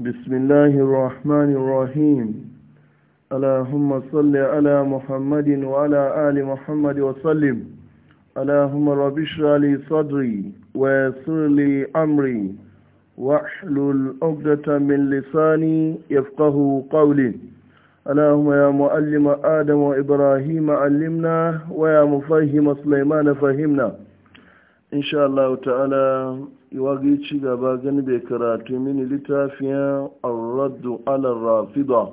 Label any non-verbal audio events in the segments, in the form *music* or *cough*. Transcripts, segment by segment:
بسم الله الرحمن الرحيم اللهم صل على محمد وعلى آل محمد وسلم اللهم رب اشرح لي صدري ويسر لي أمري واحلل عقدة من لساني يفقه قولي اللهم يا معلم آدم وإبراهيم علمنا ويا مفهم سليمان فهمنا insha Allah ta'ala iwagi ci gaba gani bai karatu mini littafiyan arraddu ala rafida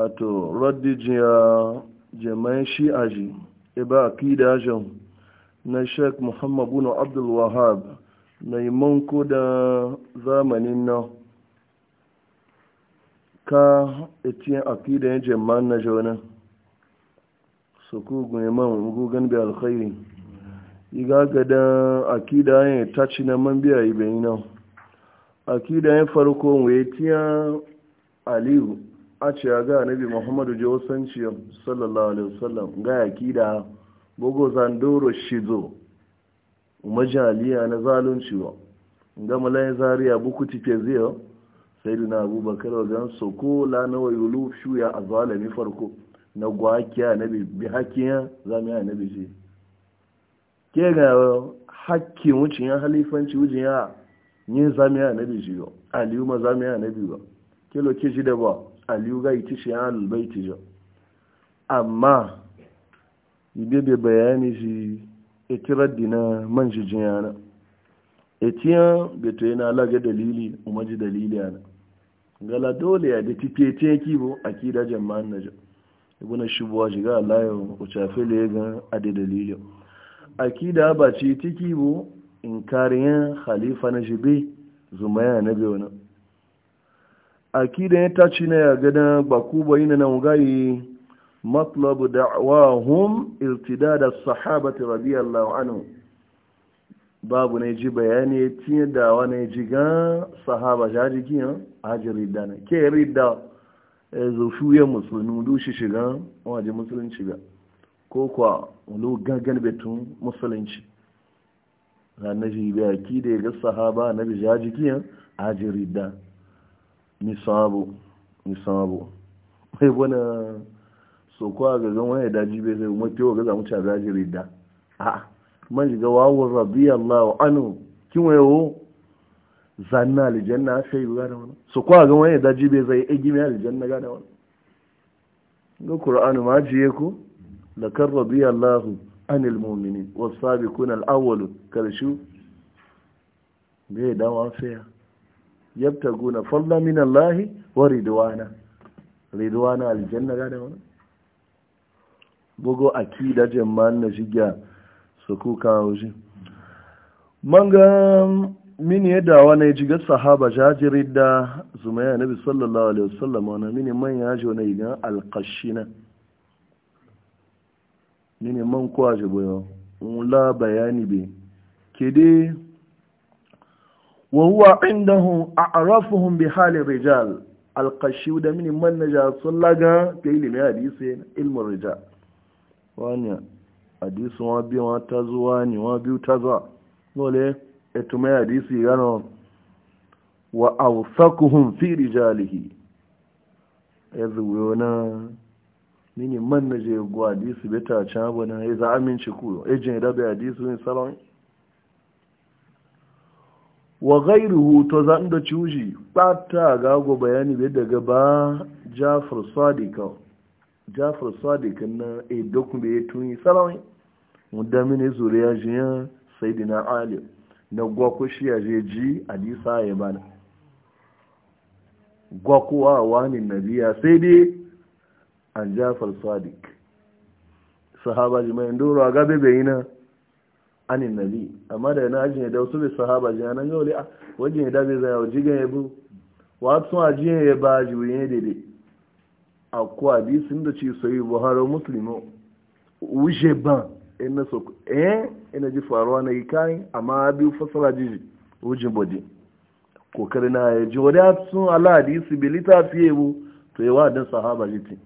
ato raddi jiya jama'in shi'aji iba akida jan na sheik muhammad bin abdul wahab na iman ko da zamanin nan ka etiyan yin jama'in na jaunan su ku gunye man gugan bi alkhairi iga gadan akida yin taci na mambiya biya yi nan akida yin farko wai tiya aliyu a ce ya ga nabi muhammadu jawasanciyar sallallahu alaihi wasallam ga akida bugu zandoro shizo majaliya na zalunci wa ga malayin zariya buku tipe ziyo sai na abubakar wajen soko lanawa yulu shuya a zalami farko na gwakiya nabi bi hakiya zamiya nabi ke ga hakkin wucin ya halifanci wucin ya yin zamiya na yau aliyu ma zamiya na biyu ke loke shi da ba aliyu ga iti shi ya lulba iti jo amma ibe bai bayani shi itirar dina man shi jin yana etiyan beto yana alaga dalili umarji dalili yana gala dole ya da tifete ya kibo a kidajen ma'an na jo ibuna shubuwa shiga alayo ucafe lega adi dalili. akida ba ce tiki bu inkariyar khalifa na jibe zumaya na biyu na akida ya tashi na ya gada ba ku bayi na nan gayi matlabu da'awahum irtida da rabi Allah wa'anu. babu na ji bayani ya tiye da wani ji ga sahaba ja jiki ya haji ridda na ke ridda zufuye musulmi dushi shiga wajen musulunci shiga. ko kuwa wani gagal betun musulunci ranar biya ki da ya ga sahaba na bija jikiyan ajiri da nisabu nisabu mai wani so kuwa ga zan wani daji bai zai mafi wa gaza ci a ajiri da a man shiga wawon radiyallahu anu kinwayo zanna aljanna sai yi gada wani so kuwa ga wani daji bai zai egi mai aljanna gada wani ga ƙura'anu ma jiye ku lakar rabi Allahu anil mumini wasabi kun al'awalu karshu bai dawa fiya yabta guna falla min Allahi wa ridwana ridwana aljanna ga da wani bugo akida jama'an na shiga su kuka wuce manga mini ya dawa ya ji ga sahaba jajirin da zumaya nabi sallallahu alaihi wasallam wani mini manya ya ji wani igan alkashina mini man kwaje boyo la bayani be inda wa a arafu a'rafuhum bi halin rijal alqashiw da mini man naja sallaga ke ilimi hadisi ilmu rijal wani hadisi wa bi wa tazuwa ni wa bi tazuwa dole etume hadisi gano wa awsakuhum fi rijalihi ezuwe na mini man na je go hadisi ta can abu na ya e za aminci ku ejin ya dabe hadisi ne salon wa gairuhu to za da ciwuji ɓata gago bayani bai daga ba jafar sadika jafar sadika na a e dokun bai tuni salon wadda mini e zuriya jiya sai ali na gwakwa shi ya je ji hadisa ya bana gwakwa wani nabiya sai dai an jafar sadiq sahaba ji mai ndoro a gabe bai na anin nabi amma da yana ajiyar da wasu bai sahaba ji nan ga wale a wajen ya dabe zai yau jigan ya bu wasu ajiyar ya ba ji wuyen daidai a kuwa bi sun da ci soyi buhari musulmi wuce ban ina so eh ina ji faruwa na yi kayan amma biyu fasara jiji wujin bodi kokari na ya ji wadda sun ala hadisi bai littafi ya bu to yawa don sahaba ti.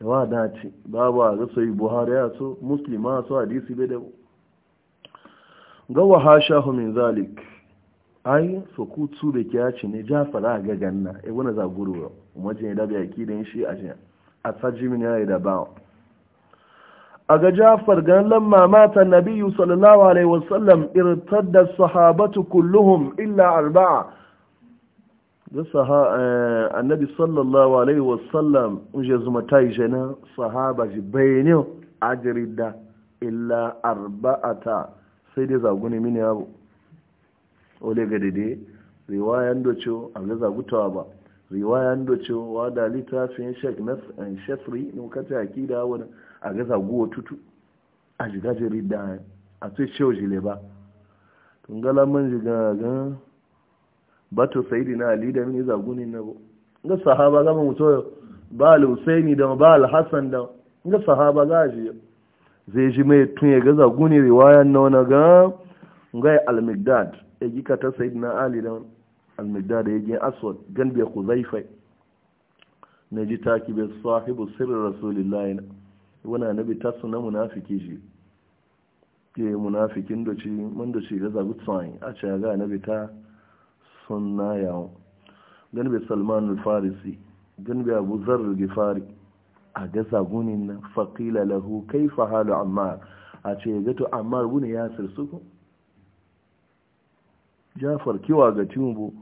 wa da ce babu a ga sai buhari ya so muslima so hadisi bai da ga wa hashahu min zalik ai so ku tsu da kiya ce ne fara ga ganna e wani zaguru umajin da bai kidan shi a jiya a tsaji min yayi da ba a ga jafar gan lamma mata nabiyyu sallallahu alaihi wasallam irtadda sahabatu kulluhum illa arba'a Eh, annabi sallallahu alaihi wasallam je zuma ta yi jana sahaba ji bayanin da illa arba'ata sai dai zaguni mini abu ole ga dade riwayan doce a ga zagutawa ba riwayan doce wa da littafin shek na eh, shefri ne da akida wani a ga zaguwa tutu a jiga da a ce ce jile ba tun gala jiga gan bato sayidi na ali da mini zaguni na ga sahaba gama mutu ba al-husaini da ba al-hasan da ga sahaba ga ji zai ji mai tun ya ga zaguni riwayan na wani ga ga al-migdad ya ka ta sayidi na ali da al-migdad ya ji aswad gan bi khuzaifa na ji taki bi sahibu sirri rasulillahi na wani annabi tasu na munafiki shi ke munafikin da ci mun da ci ga zagu a ce ga annabi ta sunna yawon bai salman al gani bai abu zarar gifari a gasa guni na faƙila lahu kai fahalu ammar a ce ya gato ammar guni ya sirsuku ya farkiwa ga tinubu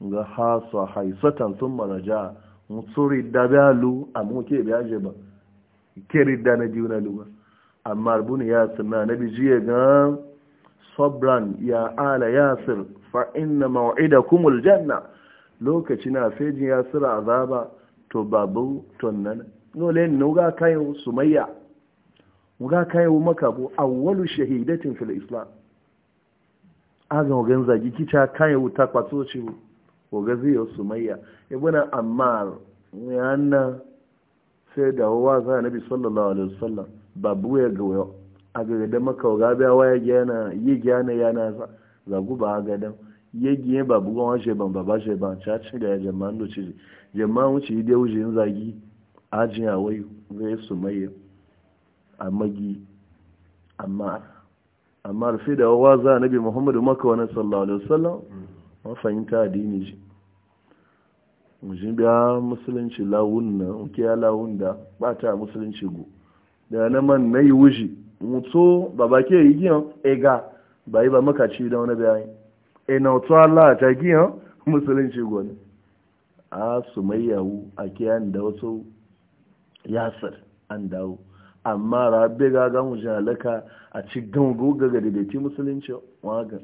ga hasa haisatan sun mara maraja mutsuri da biyalu a muke aje ba kiri da na juna luba ammar wuni ya sirna na ya ga sobran ya ala ya sir. fa inna maw'idakum aljanna lokacin afejin ya sira azaba to babu tonnan nole ne ga kai sumayya muga kai maka bu awwalu shahidatin fil islam azan ga zagi kicha kai wuta kwatso ci ga zai sumayya ibuna ammar yana sai da wa za nabi sallallahu alaihi wasallam babu ya ga wayo a ga da maka waya yana yi yana zagu ba gadan yegi ba bugon wa sheban ba ba sheban cha ci da jama'an do ci jama'an wuce ide wuce yin zagi ajin a wai ve su maye a magi amma amma fi da wa za nabi muhammadu makka wa sallallahu alaihi wasallam fahimta addini shi mujin biya musulunci lawun na nke ya lawun da ta musulunci go da na man na yi wuce mutu babake yi yin ega ba yi ba makaci da wani bayani ina eh, otu Allah ta giya *laughs* musulunci gwani a su mai yawu a kiyan da wasu yasir an dawo amma rabbe ga ga mu jalaka a ci gan ruga ga daidaiti musulunci wagan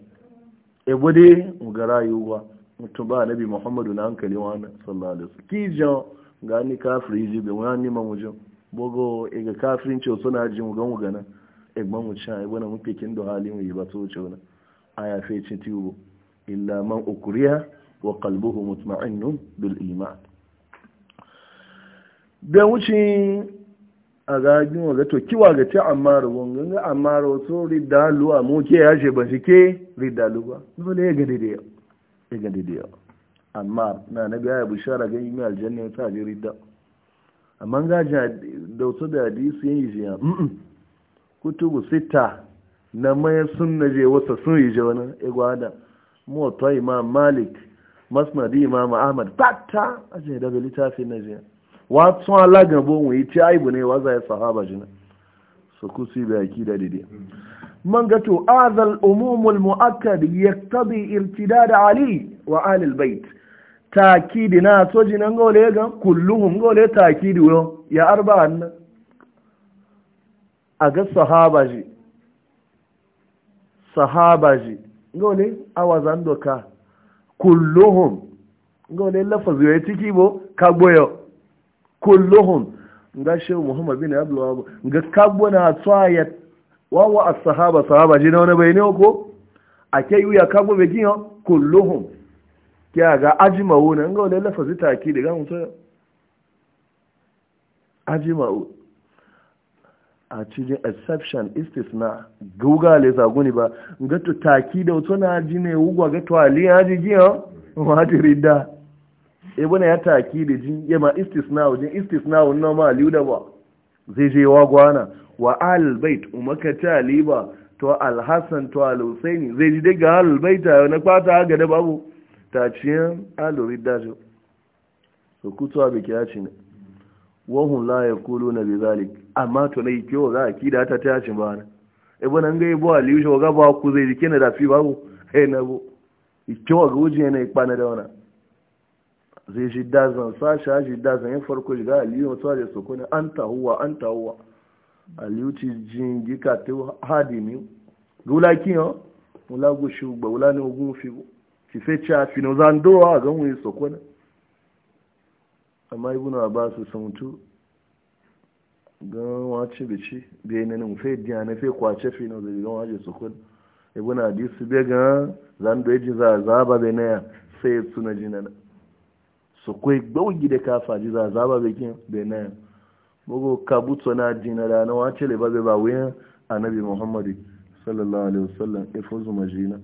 e bude mu ga rayuwa mutum ba nabi muhammadu na hankali wani sallallahu alaihi wasallam kijan ga ni kafiri jibe wani ma bogo e ga kafirin ce suna ji mu gan mu ganan egban mu cha ibana mu pekin hali halin yi ba so ce wannan aya fe ci tiwo illa man ukriya wa qalbuhu mutma'innun bil iman da wucin a gagin wa to kiwa ga ta amma ruwan ganga amma rawato ridalu a muke ya ce ba shi ke ridalu ba dole ya gade da ya gade da yau amma na na biya ya bishara ga yi aljanna ta je ridda amma ga da wasu da hadisi yin yi shi ya kutubu sita na mai sunna je wasa sun yi je wani igwada e mota imam malik masnadi imam ahmad bata a je daga littafin na je wasu alagabo mu yi ti aibu ne waza ya sahaba jina su kusi bai aki da dide man gato azal umumul mu'akkad yaktabi irtidad ali wa ahli albayt takidi na jinan gole ga kulluhum gole takidi yo ya arba'an a ga sahaba ji sahaba ji gole awa zando ka kulluhum gole lafazi ya ciki bo kagboyo kulluhum nga shehu muhammad bin abdullahi ga kagbo na tsaya wawa a sahaba sahaba ji na wani bai ne ko a ke yi ya kagbo bai kiyo kulluhum ke ga ajimawo na gole lafazi taki daga mutu ajimawo a cikin exception istisna guga le saguni ba gato taki da wato na ji ne wugwa ga ali ya ji giya ma da ridda e bana ya taki da ji ya ma istisna jin istisna wannan ma da ba zai je wa gwana wa al bait umaka ba to al hasan to al zai ji daga al bait na kwata ga da babu taciyan al ridda so kutuwa bi kiyaci ne wahun la kulu na zalik amma to na yi kyau za a kida ta ta shi na ibn nan gai bo aliyu shi waga ba ku zai dike na da fi babu eh na bo kiyo ga wuji ne ikpana da wana zai shi dazan sa sha shi dazan yin farko shi ga liyu sa da su kuna ta huwa an ta huwa a aliyu ti jin gika te hadimi gula kiyo mula gushu ba wula ne ogun fi bo ti fe a fi na zando a ga wuyi su sokona amma ba su sun tu ga wace bici bai nan fe diyana fe kwace fe na zai gan waje su kun ibn su bai ga zan da yaji za za ba bai naya sai su na jinan su kai gaugi da kafa ji za za ba bai kin bai na mugo buto na da na wace le ba bai ba wuyan annabi muhammad sallallahu alaihi wasallam ifuzu e majina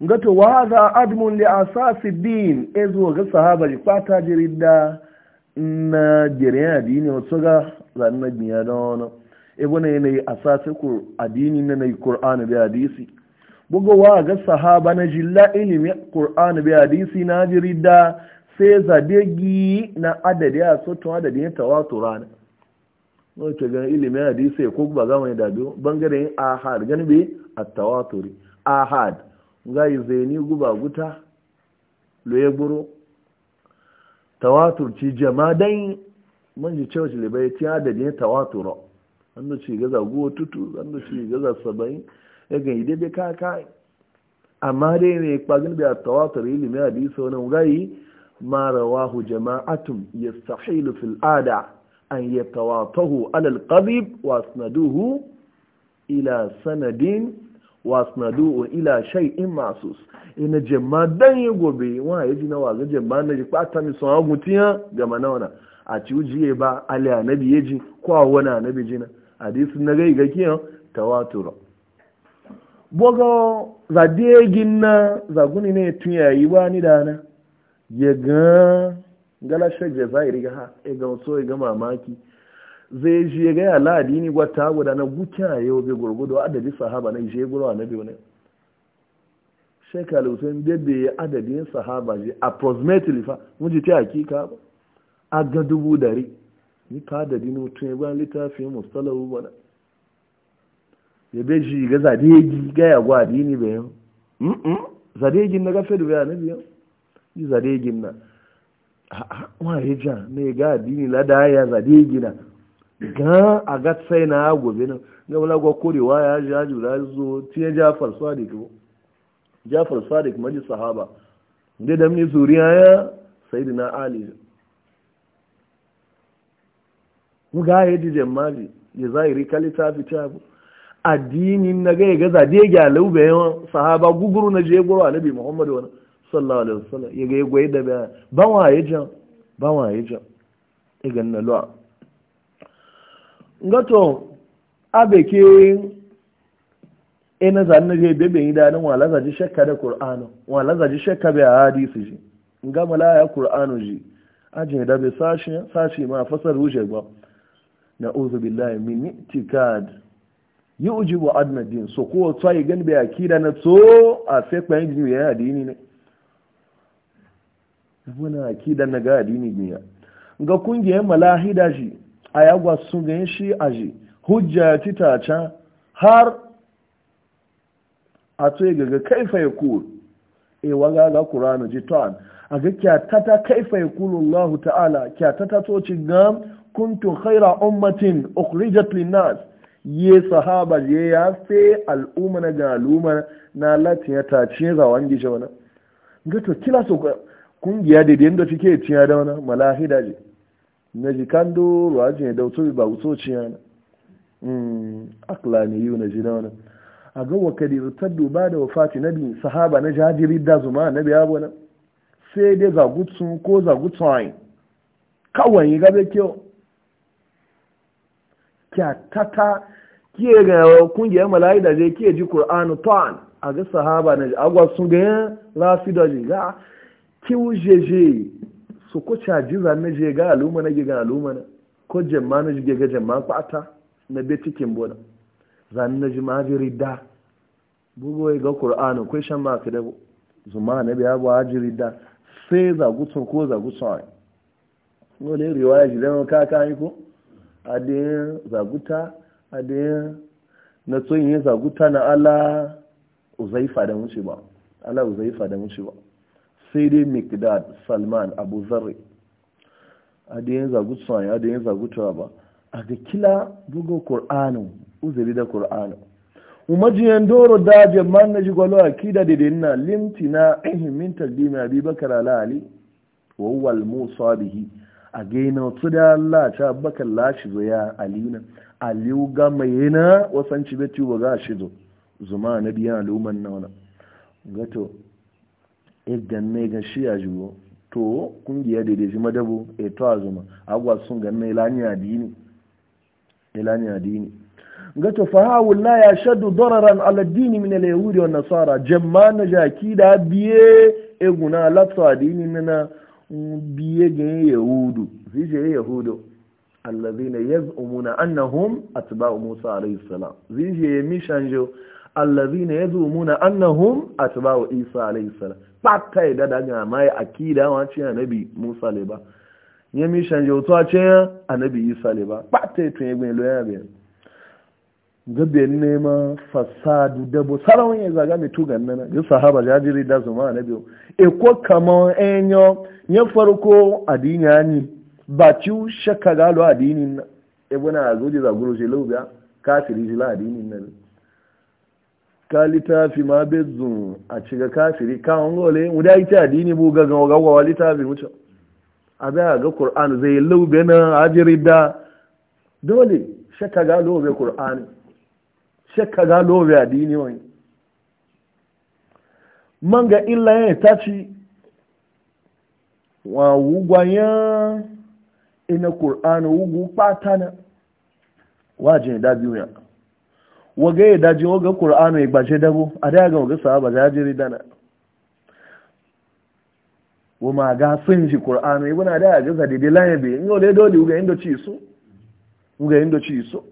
gato wa hadha admun li asasi din ezo ga sahaba li kwata jirida na jirin adini wasu ga zanen biya da wani ebo na yanayi asasi kur adini na na yi kur'ani da hadisi wa ga sahaba na jilla ilimi kur'ani da hadisi na jirida sai zadegi na adadi a sotun adadi ya tawatura wani ce gani ilimin hadisi ya ba za mu yi dabi bangaren ahad gani bai a tawaturi ahad ngai zaini guba guta loye buro tawatur ci jamadan manji ji cewa ci labai ti adadin tawatura wanda ci gaza guwa tutu wanda ci gaza saba'in ya gani daidai kaka amma dai ne kwazin da tawatur ilimin hadisi wani ngai mara wahu jama'atun yastahilu fil ada an yi tawatahu alal qadib wa sanaduhu ila sanadin wasnadu'u ila shay'in masus ina jemma dan yi gobe wa yaji na waga jemma na jikpa ta mi son tiya ga mana wana a ci ujiye ba ali annabi yaji ko wani anabi jina hadisi na gai ga kiyan tawatur bogo za degin na za guni ne tun yayi ba ni dana na ya ga gala shajja zairi ga ha e ga so e ga mamaki zai shi ya gaya ladini gwata guda na guka yau bai gurgudu adadi sahaba na ishe gurawa na biyu ne shekaru hussein bebe ya adadin sahaba ji approximately fa mun ji ta hakika ba a ga dubu dari ni ka adadi ne mutum ya gwan littafin mustalahu ba na ya bai shi ga zadegi gaya gwa adini bayan zadegin na gafe da na biyu yi zadegin na a'a wa ya ja ne ga adini ladaya zadegina ga a ga sai na gobe nan ga wala gwa korewa ya ji ya jura zo tiye jafar sadiq jafar sadiq maji sahaba da da mini zuriya ya sayyidina ali mu ga ya di jama'i ya zahiri kalita fita addini na ga ga ya ga laube yawan sahaba guguru na je na annabi muhammad wa sallallahu alaihi wasallam ya ga ya goyi da ba wa ya jan ba wa ya jan igan na lo'a ngato abeke ina zanna je bebe yi danin wala zaji shakka da qur'anu wala zaji shakka be hadisi ji nga mala ya qur'anu ji aje da be sashi sashi ma fasar ruje ba na'udhu billahi min itikad yujibu adna din so ko tsayi gan be akida na so a fe kwa yin ya adini ne muna akida na ga adini ne ga kungiyar malahida shi a yagwa su gan shi aji hujja ta tacan har a tsaye gaga kaifa ya kul e waga ga kuranu ji ta'an a ga kyatata kaifa ya kuru Allah ta'ala kyatata toci gam kuntun khaira ummatin ukhrijat linnas ye sahaba ye ya fe al'umma na ga al'umma na latin ya tace za wangi shi wani ga to kila su kungiya da yadda suke ciya da wani malahida je na jikan doro ajiyar da wato ba wato ciya na akla ne yi na jina wani a ga wakari rutar duba da wafati bi sahaba na jajiri da zuma bi ya na sai dai zagutsun ko zagutsun ayin kawai yi gabe kyau kyatata kiye ga kungiyar malayi da zai kiye ji ƙur'anu ta'an a ga sahaba na agwa sun ga yin rafi da jiga kiwu jeje so ko caji na je ga aluma na giga aluma na ko jemma na jige ga jemma kwata na be cikin bona zane na ji ma ji da bugo ga qur'ani ko shan ma ka da zuma na biya ba ji da sai za gutsun ko za gutsun ai ne riwaya ji da ka ka yi ko adin zaguta adin na tsoyin zaguta na ala uzaifa da mushi ba ala uzaifa da mushi ba sai dai mikdad salman abu zarri a da yin zagu tsohon a da yin zagu ba a ga kila bugo kur'anu uzuri da ƙor'anin umajiyan doro da man na jigwalo a kida da dinna limtina ihimmin taqdimi abi bakar alali ali wa huwa al musabihi a gaina da Allah ta bakar lashi zo ya alina aliyu ga mai na wasan cibeti ba ga shi zo zuma na biyan al'umman nauna gato ganna ga shi ya jiwo to kungiya da da shi madabu e to azuma agwa sun ganna ilani adini ilani e adini ga to fa la ya shaddu dararan ala dini min al-yahudi wa nasara jamma na jaki da biye e guna to adini nana biye ga yahudu zije yahudu alladhina yaz'umuna annahum atba'u musa alayhi salam zije mishanjo alladhina yaz'umuna annahum atba'u isa alayhi salam pata ya dada ga mai akida wa ce anabi Musa le ba ya mi je to a ce anabi Isa le ba pata ya tun egbe lo ya be gabe ne ma fasadu dabo sarawon ya zaga mai tugan nan ya sahaba jajiri da zuma annabi e ko kama enyo ya farko adinya ni ba ci shakka galo adinin ebuna e azoji zaguro je lobiya kafiri jila na nan ka littafi ma bezun a ciga kafiri kawon gole wuda ta dini bu ga gawa gawa littafi wuce a bai ga ƙur'an zai laube na ajiri da dole shakka ga lobe ƙur'an shakka ga lobe adini wani man ga illa ya ta ci wa wugwayen ina ƙur'an wugu patana wajen da biyu waga ya daji waga ƙur'anu ya gbaje dabo a da ga waga sahaba da jiri dana wa ma ga sun ji ƙur'anu ibuna da ya gaza daidai layan bai in yau dai dole uga inda ci su uga inda ci su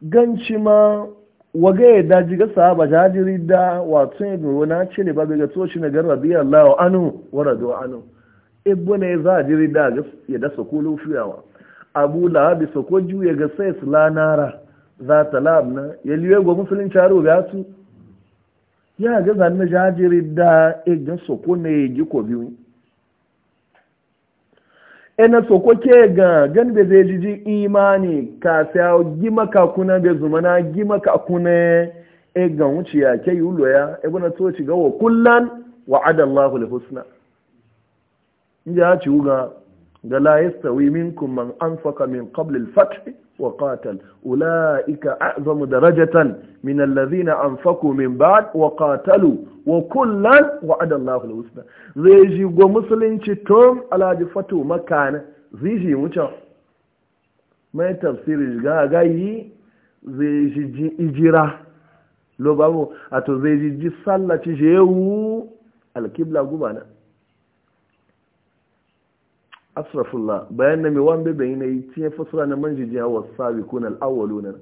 ganci ma waga ya daji ga sahaba da jiri da wato ya gano na ce ne ba ga toshi na gan radiyallahu anu wa radu anu ibuna e ya za a jiri da ya dasa kulu fiyawa abu lahabi sako juya ga sai su lanara za ta lab na ya liwe gwa musulun caro ga su ya ga zanna jajirin da egin soko ya gi ko biyu ina e soko ke ga gan da zai jiji imani ka sai gi maka kuna be zumana gi maka kuna e ga wuciya ke yulo ya e bana to ci ga wa kullan wa adallahu li husna inda ya ci uga ga la yastawi minkum man anfaqa min qabl al-fath وقاتل أولئك أعظم درجة من الذين أنفقوا من بعد وقاتلوا وكلا وعد الله الحسنى زيجي ومسلم تشتم على جفتو مكان زيجي متى ما تفسير جاي زيجي إجرا لو بابو أتو زيجي صلى جيو الكبلة قبانا asrafullah bayan na mai wan bebe yana yi tiye fasara na manjijiya wasabi kun al'awwalu na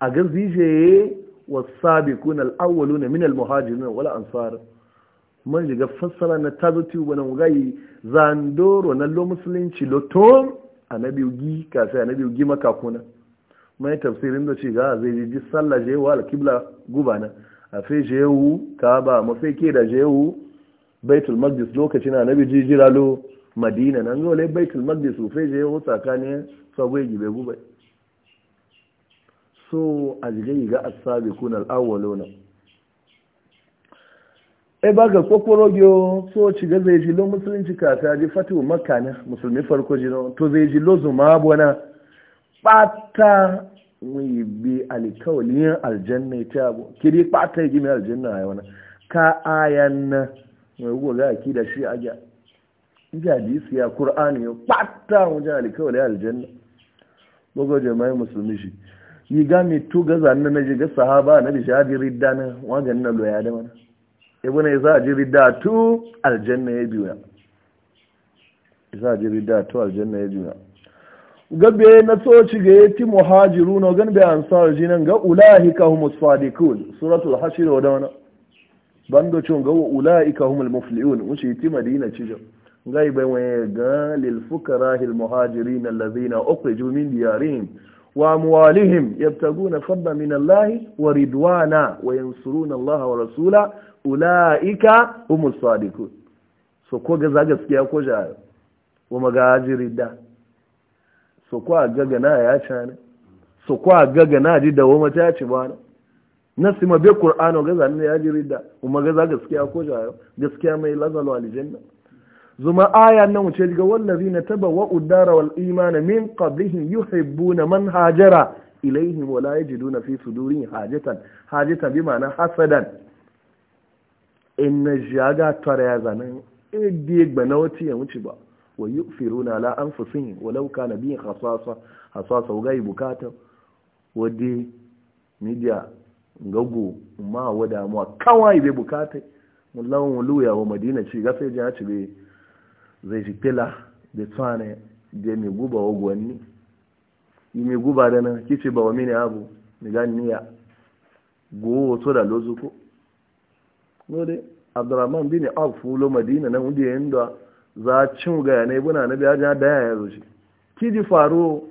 a ga zije wasabi kun al'awwalu na min al-muhajirin wala ansar ga fasara na bana wani gayi zandoro na lo musulunci lo tom annabi gi kafi annabi gi makakuna mai tafsirin da ce ga zai ji sallah je wa al kibla gubana a fe ka kaaba mafi ke da jewu baitul maqdis lokacin annabi jira lo madina nan zo lai baitul su fai je yau tsakanin sagwai gibe gube so a yi ga asabi kunal awwaluna e ba ga kokoro biyo so ci ga zai jilo musulunci kata ji fatiwa makana musulmi farko jino to zai jilo lo zuma bona pata wi bi alikawliyan aljanna ta bo kiri pata gi mi aljanna ya wana ka ayan na mai go ga ki da shi a ji hadisi ya qur'ani ya patta mu ji alkawali aljanna bugo jama'i musulmi shi yi ga tu gaza na na ji ga sahaba na bi shadi ridda na wajen na loya da mana ibn ya za ji ridda tu aljanna ya biya za ji ridda tu aljanna ya biya gabe na tsoci ga yati muhajiru na gan bai ansar jinan ga ulahika humus sadiqun suratul hashr wa dana bando chon ga ulahika humul muflihun wuce ti madina cijo gai bai wani gan lilfukara hilmuhajiri na lazina ukhriju jumin diyarin wa muwalihim yabtaguna fadla min Allahi wa ridwana wa yansuruna Allah wa rasula ulaika humus sadiqun so ko ga gaskiya ko ja wa magajiri da so ko ga gana ya cana so ko ga gana ji da wama ta ci ba na. nasima be qur'ano ga zan ya ji ridda. kuma ga gaskiya ko ja gaskiya mai lazalo aljanna zuma aya nan wuce daga wallazi na taba wa udara wal imana min qablihim yuhibbuna man hajara ilaihim wala yajiduna fi sudurihim hajatan hajatan bi ma'ana hasadan in jaga tare zanan idi gbana wuce ya wuce ba wa yufiruna la anfusihim walau kana bi khasasa khasasa gai bukata wadi media ngago ma wada mu kawai be bukata mullahu luya wa madina ci gafe ji ya ci be zai ji fila da tsane da mai guba wa gwanni yi mai guba da nan kici ba wa mini abu mai ganiya gowo wato da lozuko bi abdurrahman bin afu lo madina nan wuje da za cin gaya na ibuna na biya jan daya ya zo shi kiji faro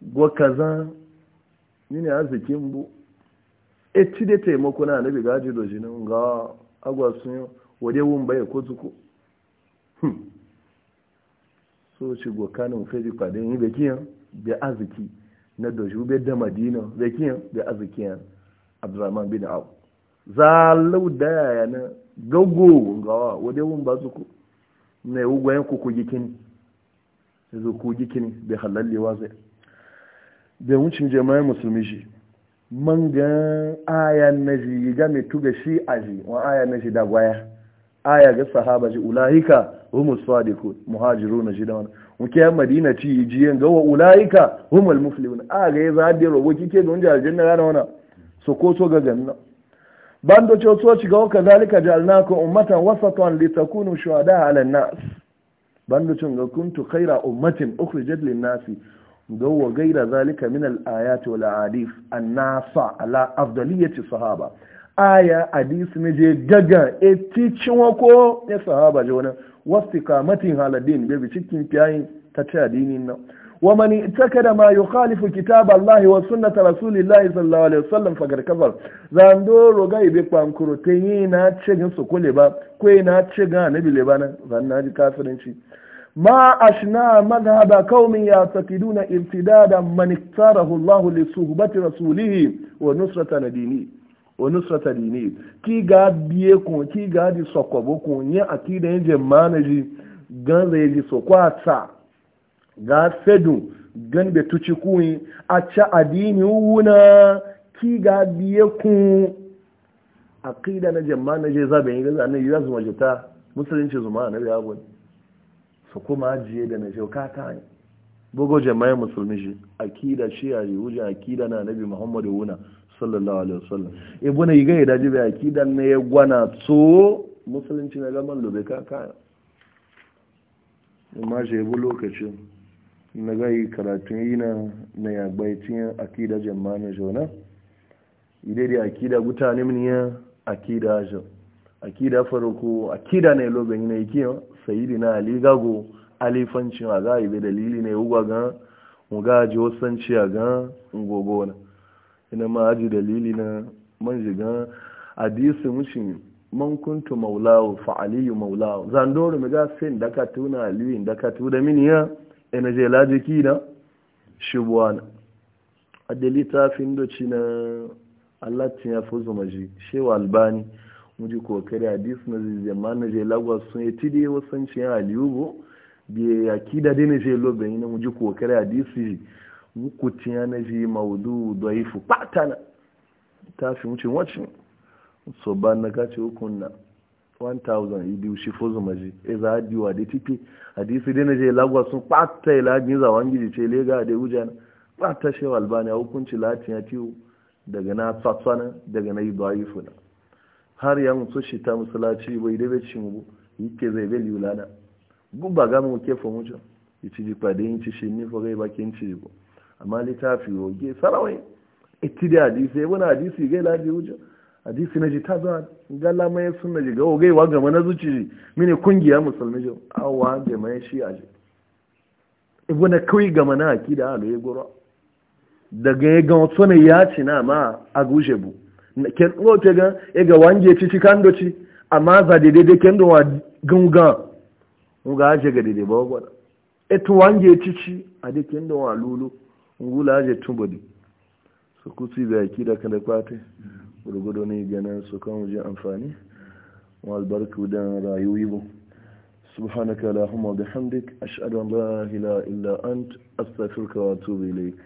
gwa kaza mini arzikin bu e ci da taimako na na biya gaji doji ga agwasun yau wade baya ko Hmm. so shi gokanin fedi kwadon yi da kiyan da arziki na doshi bai da madina da kiyan da arziki yan abdurrahman bin abu zalau da yaya na gago gawa wadda wun ba su ku na yi ugwayen ku ku gikin yanzu ku gikin halallewa zai da wucin jama'in musulmi shi man ga aya na ji ga mai tuga shi aji wa aya na ji da gwaya aya ga sahaba ji ulahika humul sadiqun muhajirun shi da muke yan madina ci jiyan ga wa ulaika humul muflihun a ga ya zaɗe robo kike don ji aljanna yana wannan so ko to ga ganna bando ce to ci ga ka zalika jalnaka ummatan wasatan litakunu shuhada ala nas bando ce ga kuntu khaira ummatin ukhrijat lin nasi ga wa gaira zalika min al ayati wal ahadith an nasa ala afdaliyati sahaba aya hadisi ne je gaga e ti cinwa ko ya e sahaba je wani wasu haladin bai bi cikin fiyayin ta ci addinin nan wa man itakada ma yukhalifu kitab Allah wa sunnat rasulillah sallallahu alaihi wasallam fagar kafar zando roga ibe pankuro tenyi na gan su kule ba ko na cega annabi le zan na ji kafirinci ma ashna madhhaba qaumin yataqiduna irtidadan man iktarahu Allah li suhbati rasulih wa nusrata dinihi onusrata dini ki ga biye kun ki ga di sokobo kun yin akida yin jemana ji gan zai ji sokwata ga fedu gan be tuci kuyi a ca adini wuna ki ga biye kun akida na jemana ji zaɓe yin gaza ne yiwa zuwa jita musulunci zuma na biya gwani su kuma jiye da na jauka ta ne bugo jama'a musulmi shi akida shi a yi wujen akida na nabi muhammadu wuna sallallahu alaihi wasallam ibuna yi gai daji bai akidan ne ya gwana tso musulunci na gaman lobe ka ka amma je bu lokacin na yi karatu yi na na ya baitin akida jama'a jona ide da akida gutane mun ya akida jo akida farko akida ne lobe ne yake sayyidina ali gago alifancin a ga ibe dalili ne ugwa ga mu ga wasanci a ga ngogona ina ma aji dalili na man jiga hadisi mushin man kuntu maulawu fa aliyu maulawu zandoro mi ga sin da ka tuna aliyu da ka tuna mini ya ina je laji ki na shubwana adali ta fin doci na Allah tin ya fuzu maji shewa albani muji kare hadisi na ma na je lagos sun yi tide wasan cin aliyu bo bi akida dai na je lobe ina muji kare hadisi wukucin yanaji maudu daifu patana ta fi wuce wacin so ba na gace hukun na 1000 yi shi fozu maji e za a diwa da tipi hadisi dai na je lagos sun pata ya lagin zawon gidi ce lega da wuja na pata shi albani a hukunci latin ya tiwu daga na tsatsana daga na yi daifu na har ya mutu shi ta musulaci bai da bai cin yi ke zai bai lana gubba gama mu ke fa mutum yi ci jikpa da yin ci shi ni fa gai yin ci bu amma littafi oge sarawai iti da hadisi wani hadisi gai laji wujo hadisi na ji ta zuwa gala mai sun na ji ga ogai wa gama na zuci mini kungiya musulmi ji awa da mai shi a ji ibu kawai gama na haki da halu ya gura daga ya gama tsona ya ci na ma a gushe bu ken ɗote ga ya ga wange ci ci kan doci amma za daidai da ken gunga mu ga aje ga daidai ba wa gwada eto wange ci ci a lulu ngula je tumbodi su kusi da yaki da kwate gurgudu ne ganin su kan wajen amfani wa albarku da rayuwi bu سبحانك اللهم وبحمدك أشهد أن لا إله إلا أنت أستغفرك وأتوب إليك